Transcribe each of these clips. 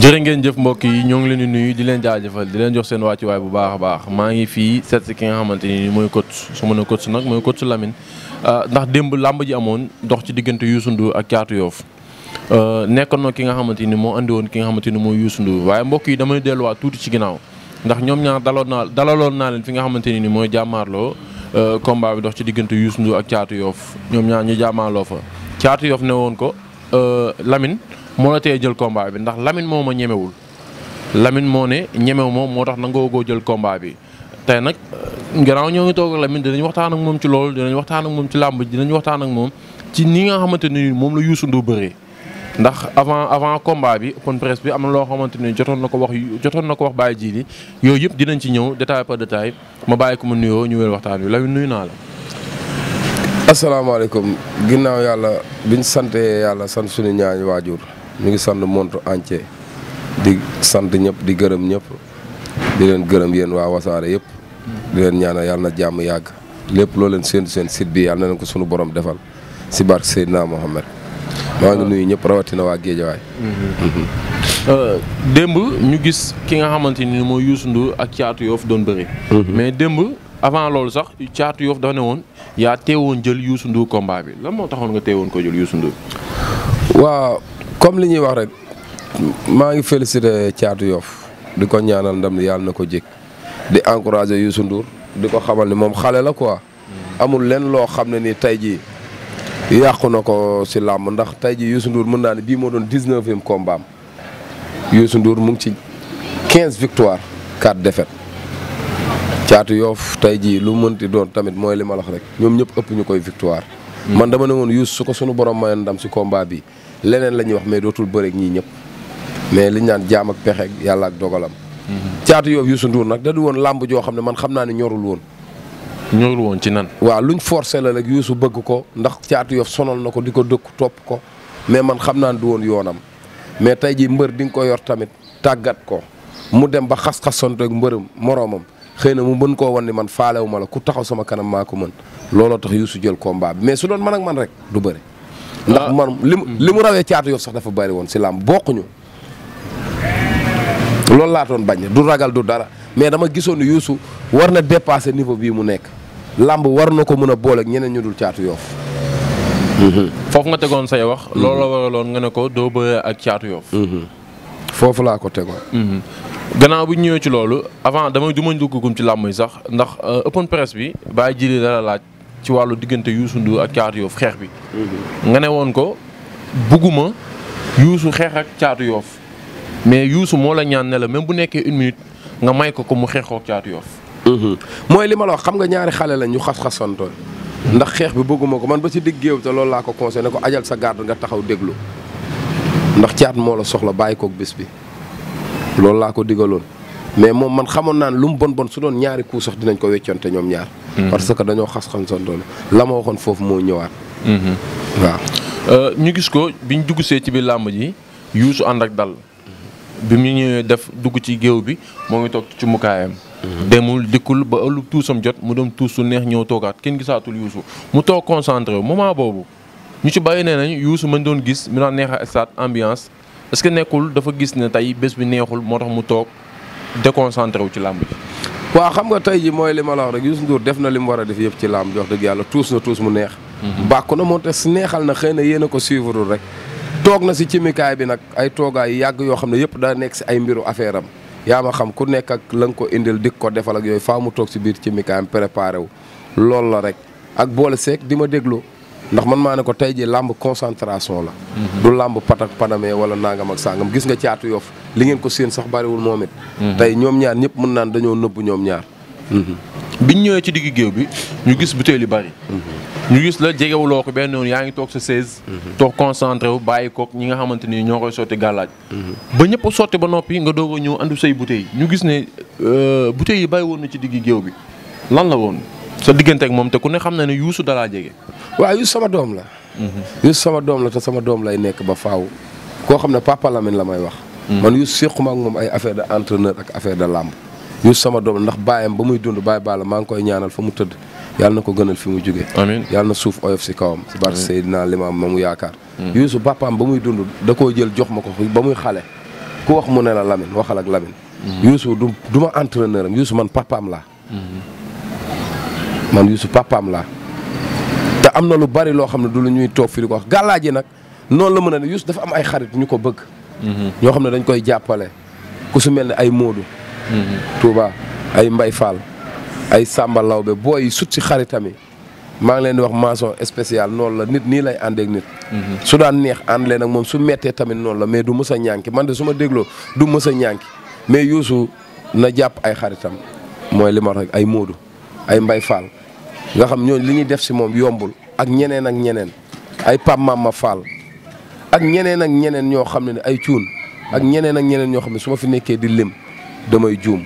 jëre ngeen jëf mbokk yi ñoo ngi leen di nuyu di leen jaajëfal di leen jox seen wàccuwaay bu baax baax maa ngi fii seet ki nga xamante ni mooy coach su ma nee coach nag mooy coach Lamine ah, ndax démb làmb ji amoon dox ci diggante Youssou Ndour ak Thiatou Yoff ah, nekkoon na ki nga xamante ni moo andi woon ki nga xamante ni mooy Youssou waaye mbokk yi damay delluwaat tuuti ci ginnaaw ndax ñoom ñaar daloon naa dalaloon naa leen fi nga xamante ni mooy jàmmaarloo ah, combat bi dox ci diggante Youssou Ndour ak caatu Yoff ñoom ñaar ñu jàmmaarloo fa Thiatou Yoff ne woon ko lamin moo la tee jël combat bi ndax Lamine moom ma ñemewul Lamine moo ne ñemew moom moo tax nangoo goo jël combat bi tey nag euh, gannaaw ñoo ngi toog ak Lamine dinañ waxtaan ak moom ci loolu dinañ waxtaan moom ci làmb dinañ waxtaan moom ci ni nga moom la Youssou Ndour bëree ndax avant avant combat bi open bi am loo xamante ni jotoon na ko wax jotoon na ko wax Baye Djili yooyu yëpp dinañ ci ñëw détail par ma bàyyi ko ma nuyoo ñu wéel waxtaan wi Lamine nuyu naa la. asalaamaaleykum ginnaaw yàlla biñ sante yàlla sant suñu ñaari waajur. ñu ngi sant monde entier di sant ñëpp di gërëm ñëpp di leen gërëm yéen waa wasaare yëpp di leen ñaanal yàlla na jàmm yàgg lépp loo leen séentu seen site bi yàlla na leen ko sunu borom defal si barke Seydina Mohamed maa ngi nuyu ñëpp rawatina waa Géejawaay euh, démb ñu gis ki nga xamante ni mooy Youssou ndu ak caatu Yoff doon bëri mhm. mais démb avant loolu sax caatu yoof dafa ne woon yaa teewoon jël Youssou Ndour combat bi lan moo taxoon nga teewoon ko jël Youssou Ndour waaw comme li ñuy wax rek maa ngi félicité Thiatou Yoff di ko ñaanal ndam li yàlla na ko jég di encouragé Youssou Ndour di ko xamal ni moom xale la ko amul lenn loo xam ne ni tey jii yàqu na ko si làmb ndax tey jii Youssou nduur mën naa ne bii moo doon dix-neuvième combat am Youssou Ndour mu ngi ci quinze victoires quatre défaites Thiatou Yoff tey jii lu ti doon tamit mooy li ma la rek ñoom ñëpp ëpp ñu koy victoire. man dama ne woon Youssou su ko sunu borom mayoon ndam si kombaa bi. leneen la ñuy wax mais dootul bëreeg ñii ñëpp mais liñ naan jaam ak pexe yàlla ak dogalam. caatu yoof Youssou Ndour nag da woon làmb joo xam ne man xam naa ne ñorul woon. ñorul woon ci nan. waaw luñ forcé la rek Youssou bëgg ko ndax caatu yoof sonal na ko di ko dëkk topp ko mais man xam naa ne du woon yoonam mais tey jii mbër di nga ko yor tamit tàggat ko mu dem ba xas-xasante ak mbërëm moroomam xëy na mu mën koo wan ni man faalewu ma la ku taxaw sama kanam maa ko mën looloo tax Youssou jël combat bi mais su doon man ak man rek du bëri. ndax man li mu li mu rawee caatu yof sax dafa bari woon si làmb bokkuñu loolu laa doon bañ du ragal du dara mais dama gisoon ne war na dépasser niveau bii mu nekk làmb war na ko mën a boole ak ñeneen ñu dul caatu yoof mhm. foofu nga tegoon say wax. Mhm. loolu nga ne ko doo bëree ak caatu yoof mhm. foofu laa ko tegoon. gannaaw bi ñu ñëwee ci loolu avant damay du ma duggagum ci làmb yi sax ndax euh, open press bi bàyyi jili dala laaj ci wàllu diggante Youssou Ndour ak Caatu Yoof xeex bi. Mhm. nga ne woon ko bugguma Youssou xeex ak Caatu Yoof mais Youssou moo la ñaan ne la même bu nekkee une minute nga may ko ko mu xeexoo ak Caatu Yoof. Mhm. mooy li ma la wax xam nga ñaari xale la ñu xas-xasantoon mhm. ndax xeex bi bëgguma ko man ba si digg géew te loolu laa ko conseillé ne ko ajal sa gàdd nga taxaw déglu ndax caat moo la soxla bàyyi kook bés bi loolu laa ko digaloon. mais moom man xamoon naa naan lu mu bon bon su doon ñaari coup sax dinañ ko weccoonte ñoom ñaar. Mhm. parce que dañoo xas xam son doon la ma waxoon foofu moo ñëwaat. Mhm. waaw. Euh, ñu gis ko biñ dugg see ci biir làmb ji yuusu ànd ak dal bi mu ñëwee def dugg ci géew bi moo ngi toog ci mukaayam. Mhm. demul dikkul ba ëllëg tuusam jot mu dem tuus su neex ñëw toogaat kenn gisaatul yuusu mu toog concentré wu moment boobu ñu ci bàyyi nee nañ yuusu mën doon gis mu daan neex a stade ambiance que nekkul dafa gis ne tey bés bi neexul moo tax mu toog. déconcentré wu ci làmb ji. waaw xam nga tey ji mooy li ma la wax rek Youssou Ndour def na li mu war a def yëpp ci làmb jox wax dëgg yàlla tuus na tuus mu neex. Mhm. bàkku na moo tax neexal na xëy na yéen ko suivre rek. toog na si cimikaay bi nag ay toogaay yàgg yoo xam ne yëpp daa nekk si ay mbiru affaire am yaa ma xam ku nekk ak la nga ko indil dik ko defal ak yooyu faa mu toog si biir cimikaayam préparé wu. loolu la rek ak boole seek di ma déglu ndax man maa ne ko tey ji làmb concentration la mhm. du làmb patak paname wala nangam ak sàngam gis nga caatu yof li ngeen ko séen sax bariwul moom it mhm. tey ñoom ñaar ñëpp mën naan dañoo nëbb ñoom ñaar mhm. bi ñu ñëwee ci digg géew bi ñu gis butéel yu bari ñu gis la jegewuloo ko benn yoon yaa ngi toog sa chaise toog concentré wu bàyyi ko ñi nga xamante ni ñoo koy sotti gàllaaj ba ñëpp sotti ba noppi nga doog ñëw andu say butéel ñu gis ne euh, butéel yi bàyyi woon na ci digg géew bi lan woon sa digganteek moom te ku ne xam na ne Youssou dalaa jege. waaw Youssou sama doom la. Mhm. Youssou sama doom la te sama doom lay nekk ba faaw koo xam ne papa Lamine la may wax. Mhm. man Youssou sequma ak moom ay affaire de entreneur ak affaire de làmb. Youssou sama doom baayam ba muy dund baay baa maa ngi koy ñaanal fa mu tëdd yàlla na ko gënal fi mu jugee. amiin yàlla na suuf si kawam. si barke Seydina Limaam ma mu yaakaar. Mhm. Youssou papaam ba muy dund da koo jël jox ma ko ba muy xale ku wax mu ne la Lamine waxal ak Lamine. Youssou du du ma entraîneur am Youssou man papaam laa. man Youssou papaam laa te am na lu bari loo xam ne du lu ñuy toog fii di ko wax gàllaa ji nag noonu la mën a ne Youssou dafa am ay xarit ñu ko bëgg. Mm-hmm. ñoo xam ne dañ koy jàppale ku su mel ne ay moodu mm-hmm. Touba ay Mbay Fall ay Samba Lawbe booy sut si xaritam yi maa ngi leen di wax mention spéciale noonu la nit nii lay àndeek nit. Mm-hmm. su daan neex ànd leen nag moom su mettee tamit noonu la mais du mës a ñànki man de su ma dégloo du mës a ñànki mais Youssou na jàpp ay xaritam mooy li ma wax ay Modou. ay Mbay Fall nga xam ñooñu li ñuy def si moom yombul ak ñeneen ak ñeneen ay Pape Mama Fall ak ñeneen ak ñeneen ñoo xam ne ay cuun ak ñeneen ak ñeneen ñoo xam ne su ma fi nekkee di lim damay juum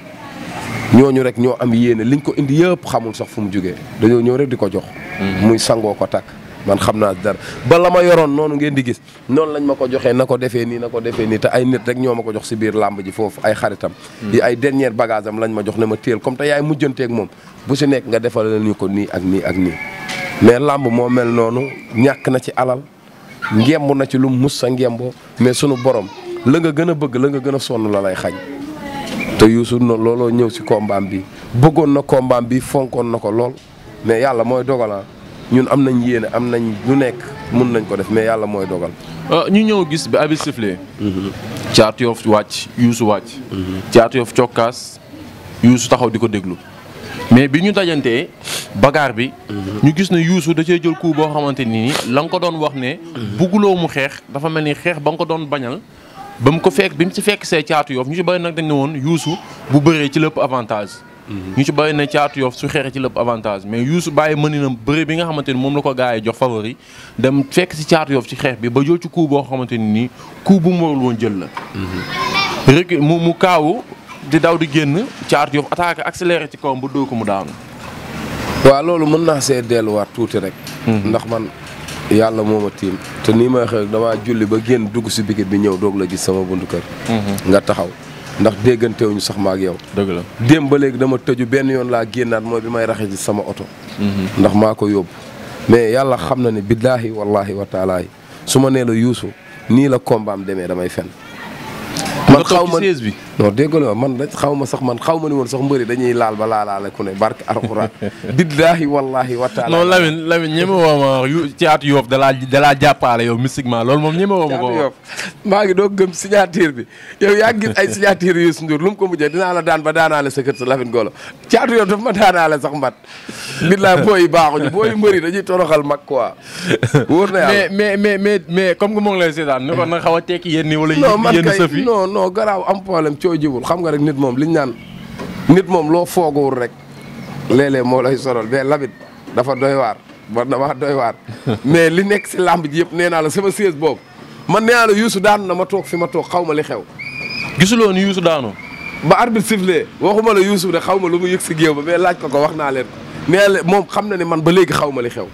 ñooñu rek ñoo am yéene liñ ko indi yëpp xamul sax fu mu jógee dañoo ñëw rek di ko jox. Mm-hmm. muy sangoo ko takk. man xam naa dara ba la ma yoroon noonu ngeen di gis noonu lañ ma ko joxee na ko defee nii na ko defee nii te ay nit rek ñoo ma ko jox si biir làmb ji foofu ay xaritam yi hmm. ay dernière bagage am lañ ma jox ne ma téel comme te yaay mujjanteeg moom bu si nekk nga defal ñu ko nii ak nii ak nii mais làmb moo mel noonu ñàkk na ci alal ngemb na ci lu mus sa ngemboo mais sunu borom la nga gën a bëgg la nga gën a sonn la lay xañ te Youssou noonu looloo ñëw si kombaam bi bëggoon na kombaam bi fonkoon na ko lool mais yàlla mooy dogalan ah. ñun am nañ yéene am nañ lu nekk mun nañ ko def mais yàlla mooy dogal. Euh, ñu ñëw gis bi abi sifflé. Caatu mm-hmm. Yoff wàcc Youssou wàcc. Caatu mm-hmm. Yoff cokkaas Youssou taxaw di ko déglu. mais bi ñu dajantee bagaar bi. Mm-hmm. ñu gis ne Youssou da jël coup boo xamante nii la nga ko doon wax ne. bugguloo mu xeex dafa mel ni xeex ba nga ko doon bañal. ba mu ko fekk bi mu ci fekk see Caatu Yoff ñu ci bëri nag dañ ne woon Youssou bu baree ci lépp avantage. ñu ci bàyyi ne caatu yof su xeexee ci la avantage mais Youssou bàyyi na bëri bi nga xamante ni moom la ko gars yi jox favori dem fekk ci caatu yof ci xeex bi ba jël ci coup boo xamante ni nii coup bu mu warul woon jël la. rek mu mu kaawu di daw di génn caatu yof attaque accéléré ci kawam bu dóor ko mu daanu. waaw loolu mën naa see delluwaat tuuti rek. Mhm. ndax man yàlla moo ma tiim te nii may xew damaa julli ba génn dugg si bikit bi ñëw doog la gis sama buntu kër. Mhm. nga taxaw. ndax déggantewuñu sax ma ak yow. dëgg la démb léegi dama tëju benn yoon laa génnaat mooy bi may raxe ci sama oto. Mhm. ndax maa ko yóbbu. mais yàlla xam na ne billaahi wallaahi wa taalaahi su ma nee la yuusu nii la kombaam demee damay fen man xaw ma bi non dégg nga man da xaw ma sax man xaw ma ni woon sax mbëri dañuy laal ba laalaale ku ne barke alxuraan billaahi wallaahi wa taala non Lamine Lamine ñeme woo ma yu caatu yoof dalaa dalaa jàppaale yow mystiquement lool moom ñeme woo ma ko caatu maa ngi doo gëm signature bi yow yaa gis ay signature yu Youssou Ndour lu mu ko mujjee dinaa la daan ba daanaale sa kër sa Lamine Golo caatu yoof daf ma daanaale sax mbat ngir laa booy baaxuñu booy mbëri dañuy toroxal mag quoi. wóor na mais mais mais mais comme que moo ngi lay seetaan ni ko na xaw a tekki yenn yi wala yenn sëf yi am problème xam nga rek nit moom liñ naan nit moom loo foogowul rek léeg-léeg moo lay sonal mais labit dafa doy waar man damaa doy waar mais li nekk si làmb yëpp nee naa la sama siège boobu man nee naa la na ma toog fi ma toog xaw ma li xew. gisuloo ni Youssou daanu. ba arbitre sifflé waxuma la Youssou de xaw ma lu mu yëg si géew ba mais laaj ko ko wax naa leen nee moom xam na ne man ba léegi xaw ma li xew.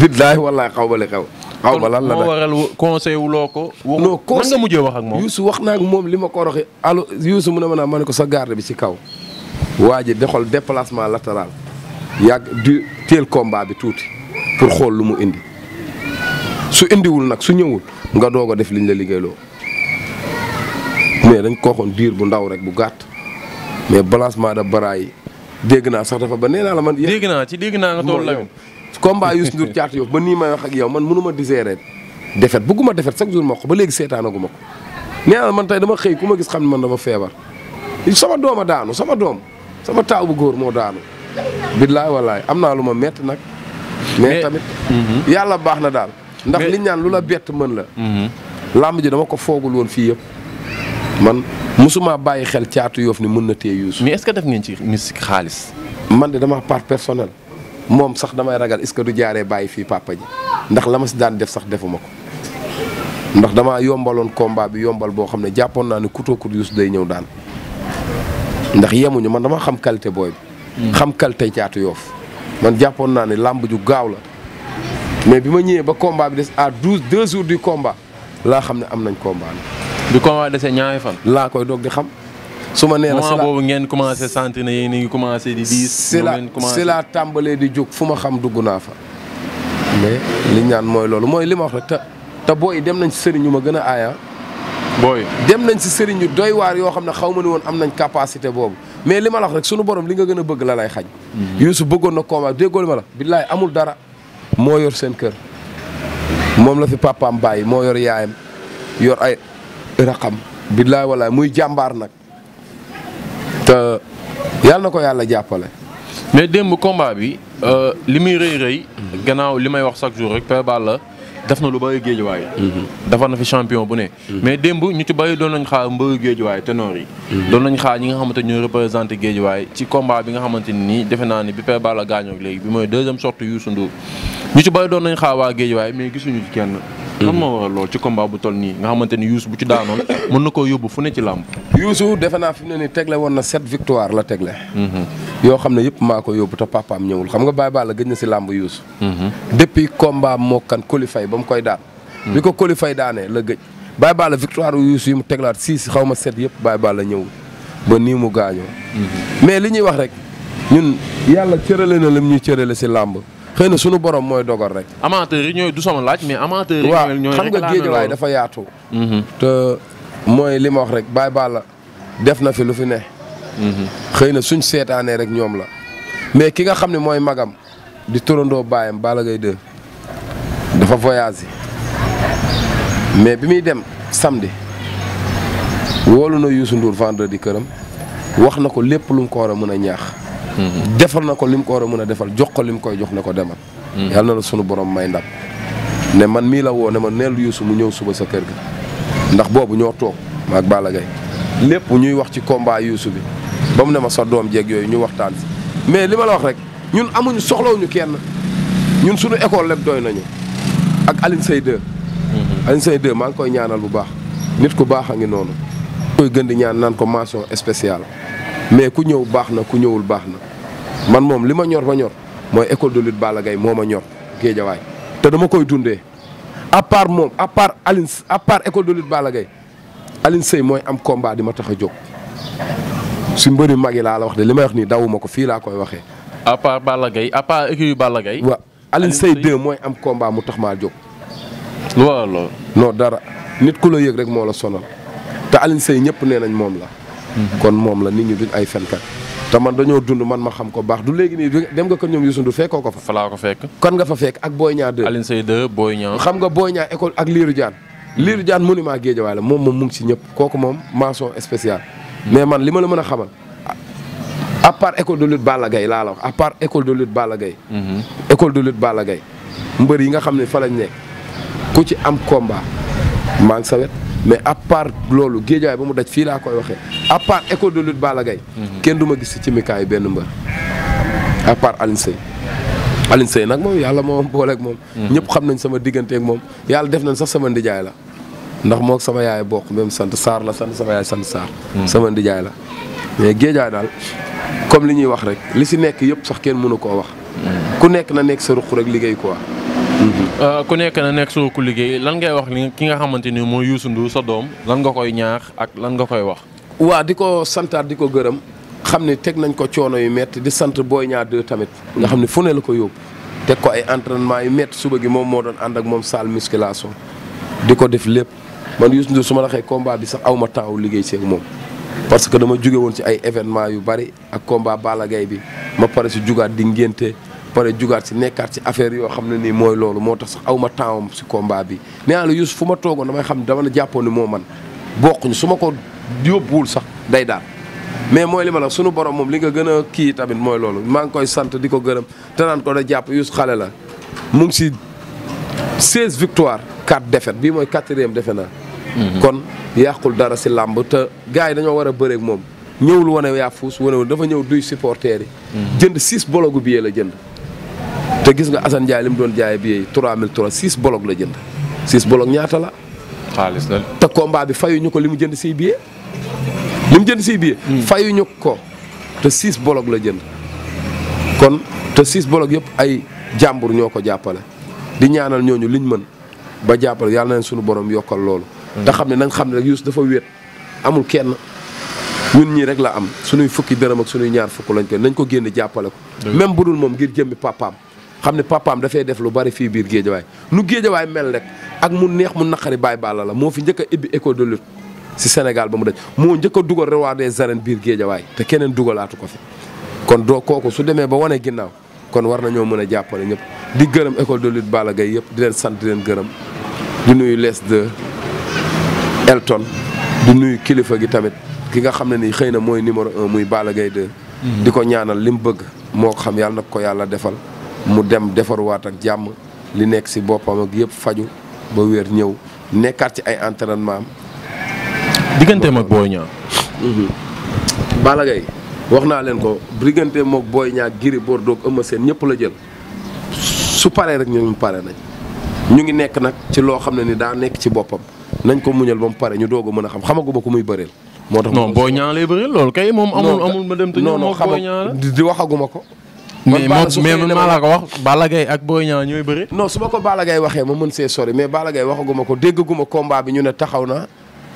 billaahi wallaahi xaw ma li xew. xaw ma lan la moo waral conseil wuloo ko. non conseil wax ak moom. Youssou wax naa ak moom li ma ko roxi allo Youssou mu ne ma naa ma ne ko sa garde bi ci kaw. waa ji doxal déplacement latéral. yàgg du teel combat bi tuuti pour xool lu mu indi su indiwul nag su ñëwul nga doog a def liñ la liggéeyloo mais dañ ko waxoon diir bu ndaw rek bu gàtt mais balancement de bras yi dégg naa sax dafa ba nee naa la man. dégg naa ci dégg naa nga toll la combat Youssou Ndour Thiatou Yoff ba nii may wax ak yow man mënuma digérer defet bugguma defet chaque jour ma ko ba léegi seetaanaguma ko nee naa la man tey dama xëy ku ma gis xam ne man dama feebar sama doom a daanu sama doom sama taa bu góor moo daanu billaay wallaay am naa lu ma metti nag mais tamit mhm. yàlla baax na daal ndax li ñaan lu la bett mën la mhm. làmb ji dama ko foogul woon fii yëpp man mosuma bàyyi xel caatu yoof ni mën na téye Youssou. mais est-ce que def ngeen ci musique xaalis. man de dama part personnel moom sax damay ragal est que du jaaree bàyyi fii papa ji ndax la ma si daan def sax defuma ko ndax damaa yombaloon combat bi yombal boo xam ne jàppoon naa ne kutoo kut Youssou day ñëw daan ndax yemuñu man dama xam qualité booy bi. Hmm. xam qualité caatu yoof man jàppoon naa ne làmb ju gaaw la mais bi ma ñëwee ba combat bi des à douze deux jours di combat laa xam ne am nañ combat bi combat dese ñaari fan. laa koy doog di xam. su ma nee la moment boobu ngeen commencé sentir ne yéen ngi commencé di diis. si laa tàmbalee di jóg fu ma xam dugg naa fa. mais li ñaan mooy loolu mooy li ma wax rek te te booy dem nañ si sëriñ ma gën a aaya booy dem nañ si sëriñ yu doy waar yoo xam ne xaw ma ne woon am nañ capacité boobu mais li ma lax rek sunu borom li nga gën a bëgg la lay xañ. Mm-hmm. su bëggoon na combat déggoo ma la billaay amul dara. moo yor seen kër moom la fi papaam bàyyi moo yor yaayam yor ay. raqam billaay walaay muy jàmbaar nag te yàlla na ko yàlla jàppale. mais démb combat bi euh, li muy rëy rëy. gannaaw li may wax chaque jour rek Père Balla def na lu bëri géejuwaay. Mhm. defar na fi champion bu ne. Mhm. mais démb ñu ci bëri doon nañ xaar mbëru waay ténor yi. Mhm. doon nañ xaar ñi nga xamante ñooy représenté waay ci combat bi nga xamante ni nii defe naa ni bi Père Balla léegi bi mooy deuxième sortie Youssou Ndour ñu ci bëri doon nañ xaar waa géejuwaay mais gisuñu ci kenn. xam ma waral loolu ci combat bu toll nii nga xamante ni Youssou bu ci daanoon mën na koo yóbbu fu ne ci làmb. Youssou defe naa fi mu ne nii tegle woon na sept victoire la tegle. Mhm. yoo xam ne yëpp maa ko yóbbu te papaam ñëwul xam nga Baye Balla gëj na si làmb Youssou. Mhm. depuis combat moo kan qualifié ba mu koy daan. Mhm. bi ko qualifié daanee la gëj. Baye Balla victoire Youssou yi mu teglaat si xaw ma sept yëpp Baye Balla ñëwul ba nii mu gaañoo. mais li ñuy wax rek ñun yàlla cërale na lim ñuy cërale si làmb. xëy na sunu borom mooy dogal rek. amateur yi ñooy du sama laaj mais amateur yi. ñooy xam nga géejawaay dafa yaatu. Mhm. te mooy li ma wax rek Baye def na fi lu fi ne. Mhm. xëy na suñ seetaanee rek ñoom la. mais ki nga xam ne mooy magam di turandoo baayam Balla Gaye 2 dafa voyagé mais bi muy dem samedi woolu na Youssou Ndour vendredi këram wax na ko lépp lu ko war a mën a ñaax. defal na ko lim ko war a mën a defal jox ko lim koy jox na ko demal. Mm. yàlla na la sunu borom may ndam. ne man mii la woo ne ma neel Youssou mu ñëw suba sa kër ga ndax boobu ñoo toog maag Balla Gaye lépp ñuy wax ci combat Youssou bi ba mu ne ma sa doom jeeg yooyu ñu waxtaan si mais li la wax rek ñun amuñu soxlawuñu kenn ñun suñu école lépp doy nañu ak Alioune Seye 2. Mm-hmm. Alioune Seye 2 maa ngi koy ñaanal bu baax nit ku baax a ngi noonu. koy gën di ñaan naan ko mention spéciale mais ku ñëw baax na ku ñëwul baax na man moom li ma ñor ba ñor mooy école de lutte Balla Gaye moo dama koy dundee à part moom à part Aline à part école de lutte Balla Gaye Aline Seye mooy am combat di ma tax a jóg si mbëri mag yi laa la wax de li may wax nii dawuma ko fii laa koy waxee. à part Balla Gaye à part écurie Balla mooy am combat mu tax maa jóg. lu waral dara nit ku la yëg rek moo la sonal. te Alioune Seye ñëpp nee nañ moom la. kon moom la nit ñu duñ ay fenkat te man dañoo dund man ma xam ko baax du léegi nii dem nga ko ñoom Youssou Ndour fekkoo ko fa. fa ko fekk. kan nga fa fekk ak Boy Niang 2. Alioune Seye 2 Boy Niang. xam nga Boy Niang école ak jaan Diane. Lirou Diane monument Guédiawaye la moom moom mu ngi ci ñëpp kooku moom mention spéciale. mais man li ma la mën a xamal. à part école de lutte Balla Gaye laa la wax à part école de lutte Balla Gaye. Mhm. école de lutte Balla mbër yi nga xam ne fa lañ nekk ku ci am combat maa mais à part loolu géejaay ba mu daj fii laa koy waxee à part école de lutte Balla Gaye mhm. kenn du ma gis ci mikaay benn mbër à part Alioune Seye nag moom yàlla moo booleek moom mhm. ñëpp xam nañ sama digganteeg moom yàlla def nañ sax sama ndijaay la ndax moo sama yaay bokk même sant saar la sant sama yaay sant Sarr mhm. sama ndijaay la mais géejaay daal comme li ñuy wax rek li si nekk yëpp sax kenn mënu koo wax ku nekk na nekk sa ruq rek liggéey quoi Euh, ku nekk na nekk soo ko liggéey lan ngay wax ni ki nga xamante ni moo Youssou Ndour sa doom lan nga koy ñaax ak lan nga koy wax. waa di ko santaat di ko gërëm xam ne teg nañ ko coono yu metti di sant booy ñaar 2 tamit nga xam ne fu ne la ko yóbbu teg ko ay entraînement yu metti suba gi moom moo doon ànd ak moom saal musculation di ko def lépp man Youssou Ndour su ma waxee combat bi sax aw ma taaw liggéey seeg moom. parce que dama jóge woon ci ay événement yu bari ak combat Balla Gaye bi ma pare si jugaat di ngénte pare jugaat si nekkaat si affaire yoo xam ne nii mooy loolu moo tax sax aw ma temps si kombaa bi nee naa la Youssou fu ma toogoon damay xam dama la jàppoon ni moo man bokkuñu su ma ko yóbbuwul sax day daal. mais mooy li ma la sunu borom moom li nga gën a kii tamit mooy loolu maa ngi koy sant di ko gërëm te naan ko da jàpp Youssou xale la mu si 16 victoires 4 defet bii mooy quatrième defe naa. Mhm. kon yàqul dara si làmb te gars yi dañoo war a bëreeg moom ñëwul wane yaa fuus wane dafa ñëw duy supporter yi. Mhm. jënd 6 bologu billet la jënd. te gis nga Assane Ndiaye li mu doon jaayee bi yi 3000 3 6 bolok la jënd 6 bolok ñaata la. xaalis la te combat bi fayuñu ko li mu jënd si billet. li mu jënd si billet. Hmm. fayuñu ko te 6 bolok la jënd kon te 6 bolok yëpp ay jàmbur ñoo ko jàppale di ñaanal ñooñu liñ mën ba jàppale yàlla na leen suñu borom yokkal loolu. Hmm. te xam ne nañ xam ne rek Youssou dafa wéet amul kenn. ñun ñii rek la am suñuy fukki dërëm ak suñuy ñaar fukk lañ koy nañ ko génne jàppale ko. même bu moom ngir jëmmi papaam. xam ne papaam dafay def lu bari fii biir géejawaay nu géejawaay mel rek ak mu neex mu naqari baay Balla la moo fi njëkk a ibbi école de lutte si Sénégal ba mu daj moo njëkk dugal rek waa des arènes biir géejawaay te keneen dugalaatu ko fi kon doo kooku su demee ba wane ginnaaw kon war nañoo mën a jàppale ñëpp di gërëm école de lutte Balla Gaye yëpp di leen sant di leen gërëm di nuyu les de Elton di nuyu kilifa gi tamit ki nga xam ne ni xëy na mooy numéro un muy Balla Gaye mm-hmm. di ko ñaanal li mu bëgg moo xam yàlla na ko yàlla defal mu dem defaruwaat ak jàmm li nekk si boppam ak yëpp faju ba wér ñëw nekkaat ci ay entraînement am. digganteem ak Boy Niang. Mhm. Balla Gaye wax naa leen ko digganteem mook Boy Niang Gris Bordeaux ak Eumeu Sène ñëpp la jël su paree rek ñu pare nañ ñu ngi nekk nag ci loo xam ne ni daa nekk ci boppam nañ ko muñal ba mu pare ñu doog mën a xam xamagu ba ku muy bëreel. moo tax non Boy Niang lay bëreel loolu kay moom. amul amul ma dem te ñëw moo Boy Niang la di waxaguma ko. mais mais maa la ko wax Balla Gaye ak Boy Niang ñooy bëri. non su ma ko Balla waxee ma mën see sori mais Balla Gaye waxaguma ko déggaguma combat bi ñu ne taxaw na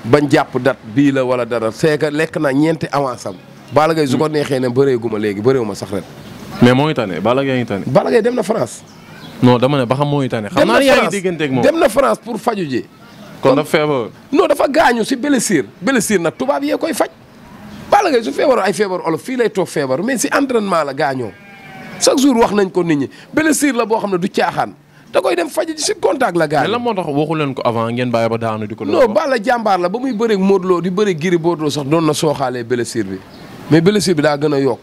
bañ jàpp dat bii la wala dara c'est que lekk na ñeenti avance am. Balla Gaye su ko neexee ne bëreeguma léegi ma sax ren. mais moo ngi tane Balla Gaye ngi tane. Balla dem na France. non dama ne ba xam moo ngi tane. xam naa ne yaa ngi digganteeg moom dem na France pour faju ji. kon dafa feebar. non dafa gaañu si blessure blessure na tubaab yee koy faj. Balla Gaye ay feebar olof fii lay toog feebar mais si entraînement la gaañoo chaque jour wax nañ ko nit ñi blessure la boo xam ne du caaxaan da koy dem faj ji si contact la gars yi. mais lan moo tax waxu leen ko avant ngeen bàyyi ba daanu di ko. non Balla jàmbaar la ba muy bëreeg Modou Lo di bëreeg Gris Bordeaux sax doon na sooxaalee blessure bi mais blessure bi daa gën a yokk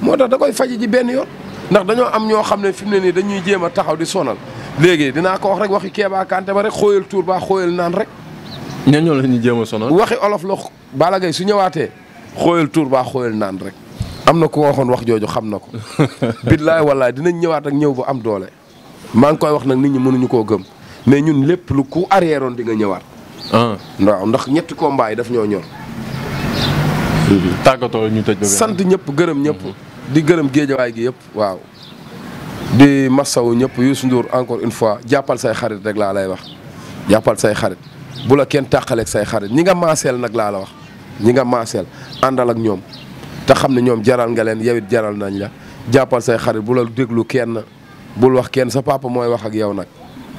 moo tax da koy faj ji benn yoon. ndax dañoo am ñoo xam ne fi mu ne nii dañuy jéem a taxaw di sonal léegi dinaa ko wax rek waxi Kéba Kanté ba rek xooyal tuur baa xooyal naan rek. ñooñu la ñuy jéem a sonal. waxi olof la Balla su ñëwaatee xooyal tuur baa xooyal naan rek am na ko waxoon wax jooju xam na ko. billaay wallaay dinañ ñëwaat ak ñëw bu am doole. maa ngi koy wax nag nit ñi mënuñu koo gëm mais ñun lépp lu ku arrièreoon di nga ñëwaat. Ah. waaw ndax ñetti combat yi daf ñoo ñor. tàggatoo ñu tëj sant ñëpp gërëm ñëpp. Mhm. di gërëm géejawaay gi yëpp waaw. di masawu ñëpp Youssou Ndour encore une fois jàppal say xarit rek laa lay wax jàppal say xarit bula kenn tàqaleeg say xarit ñi nga maaseel nag laa la wax ñi nga maaseel àndal ak ñoom. te xam ne ñoom jaral nga leen yow it jaral nañ la jàppal say xarit bu la déglu kenn bul wax kenn sa papa mooy wax ak yow nag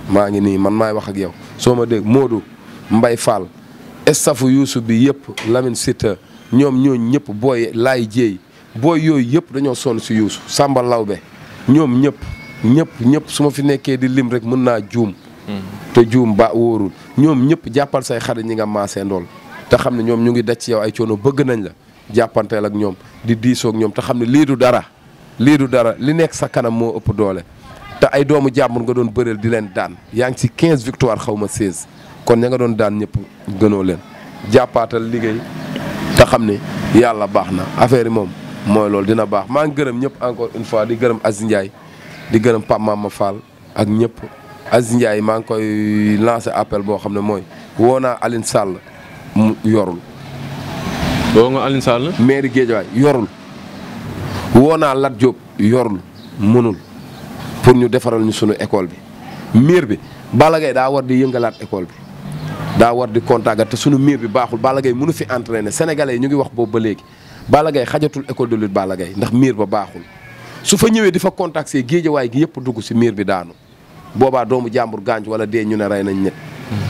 maa ngi nii man maay wax ak yow soo ma dégg Modou mbay Fall estafu yuusu bi yëpp Lamine Sita ñoom ñooñu ñëpp booy laay jéey booy yooyu yëpp dañoo sonn si yuusu Youssou law be ñoom ñëpp ñëpp ñëpp su ma fi nekkee di lim rek mën naa juum mm-hmm. te juum ba wóorul ñoom ñëpp jàppal say xarit ñi nga maasee ndool te xam ne ñoom ñu ngi daj ci ay coono bëgg nañ la jàppanteel ak ñoom di diisoog ñoom te xam ne lii du dara lii du dara li nekk sa kanam moo ëpp doole te ay doomu jàmbur nga doon bëreel di leen daan yaa ngi si 15 victoire xaw ma 16 kon ña nga doon daan ñëpp gënoo leen jàppaatal liggéey te xam ne yàlla baax na affaire yi moom mooy loolu dina baax maa ngi gërëm ñëpp encore une fois di gërëm Aziz Ndiaye di gërëm Pape ma Fall ak ñëpp Aziz maa ngi koy lancé appel boo xam ne mooy woo naa Aline Sall mu yorul boo nga Alioune Sall. maire Guédiawaye yorul woo naa Lat Diop yorul mënul pour ñu defaral ñu sunu école bi miir bi Balla Gaye daa war di yëngalaat école bi daa war di contact te sunu miir bi baaxul Balla Gaye mënu fi entraîner ne yi ñu ngi wax boobu ba léegi Balla Gaye xajatul école de lutte Balla ndax miir ba baaxul su fa ñëwee di fa contact see Guédiawaye gi yëpp dugg si miir bi daanu boobaa doomu jàmbur gaañ wala dee ñu ne rey nañ ne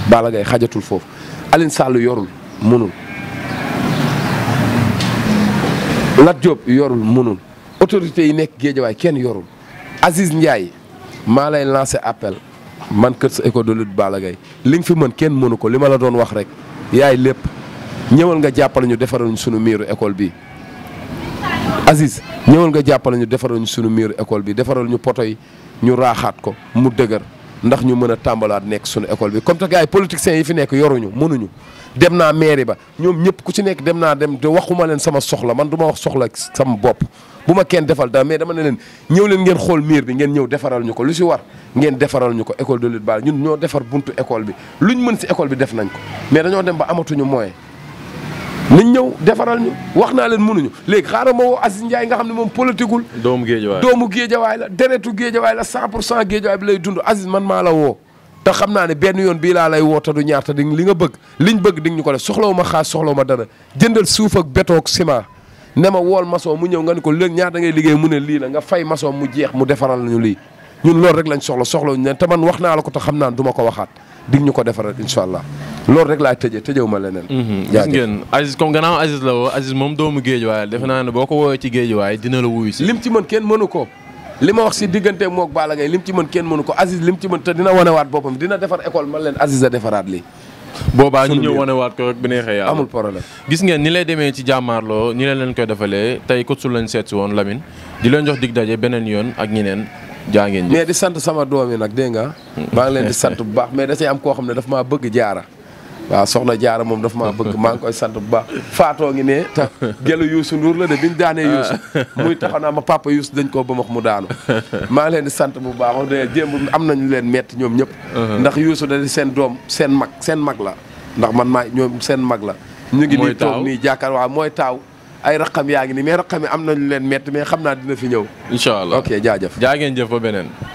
Balla Gaye xajatul foofu Alioune yorul mënul Lat Diop yorul mënul autorité yi nekk Géejawaay kenn yorul Aziz Ndiaye maa lay lancé appel man kër sa école de lutte Balla Gaye li nga fi mën kenn mënu ko li ma la doon wax rek yaay lépp ñëwal nga jàppale ñu defaral sunu miiru école bi Aziz ñëwal nga jàppale ñu defaral sunu miiru école bi defarul ñu poto yi ñu raaxaat ko mu dëgër ndax ñu mën a tàmbalaat nekk sunu école bi comme te gars yi politiciens yi fi nekk yoruñu mënuñu dem naa mairie ba ñoom ñëpp ku si nekk dem naa dem te waxuma leen sama soxla man du ma wax soxla sama bopp bu ma kenn defal dara mais dama ne leen ñëw leen ngeen xool miir bi ngeen ñëw defaral ñu ko lu si war ngeen defaral ñu ko école de lutte ñoo defar buntu école bi luñ mën ci école bi nañ ko mais dañoo dem ba amatuñu moyen nañ ñëw defaral wax naa leen mënuñu léegi xaaral ma woo Aziz Ndiaye nga xam ne moom politigul doomu géejawaay doomu géejawaay la deretu géejawaay la 100 pour cent géejawaay bi lay dund Aziz man maa la woo te xam naa ne benn yoon bii laa lay woote du ñaar te di li nga bëgg liñ bëgg di ñu ko def soxlawu ma xaas soxlawu ma dara jëndal suuf ak béton ak ciment ne ma wool maçon mu ñëw nga ni ko léegi ñaata ngay liggéey mu ne lii la nga fay maçon mu jeex mu defaral ñu lii ñun loolu rek lañ soxla soxlawuñu ne te man wax naa la ko te xam naa du ma ko waxaat dig ñu ko defaral incha allah loolu rek laa tëjee tëjëw ma leneen. Mhm. gis ngeen Aziz comme gannaaw Aziz la woo Aziz doomu géej waaye defe naa ne boo ko woowee ci géej waaye dina la wuyu si. lim ci mën kenn mënu ko li ma wax si diggante mook Balla Gaye lim ci mën kenn mënu ko li lim ci mën te dina wanewaat boppam dina defar école man leen Aziz a defaraat lii. boobaa ñu ñëw wanewaat ko rek bi neexee yàlla amul problème. gis ngeen ni lay demee ci jàmmaarloo ni leen leen koy defalee tey coach lañ seet si woon Lamine di leen jox dig daje beneen yoon ak ñeneen jaa ngeen mais di sant sama doom yi nag dégg nga. Hmm. maa ngi leen di sant bu baax mais da am koo xam ne daf maa bëgg jaara. waaw soxna jaara moom daf maa bëgg maa ngi koy sant bu baax faatoo ngi ne te gelu Youssou Ndour la de biñ daanee Youssou muy taxaw naa ma papa Youssou dañ koo ba max mu daanu maa leen di sant bu baax de jéem am nañu leen metti ñoom ñëpp uh-huh. ndax Youssou da di seen doom seen mag seen mag la ndax man maa ñoom seen mag la ñu ngi nii toog nii jàkkaar waaw mooy taaw ay raqam yaa ngi nii mais raqam yi am nañu leen metti mais xam naa dina fi ñëw incha allah ok jaajëf jaa ngeen jëf ba beneen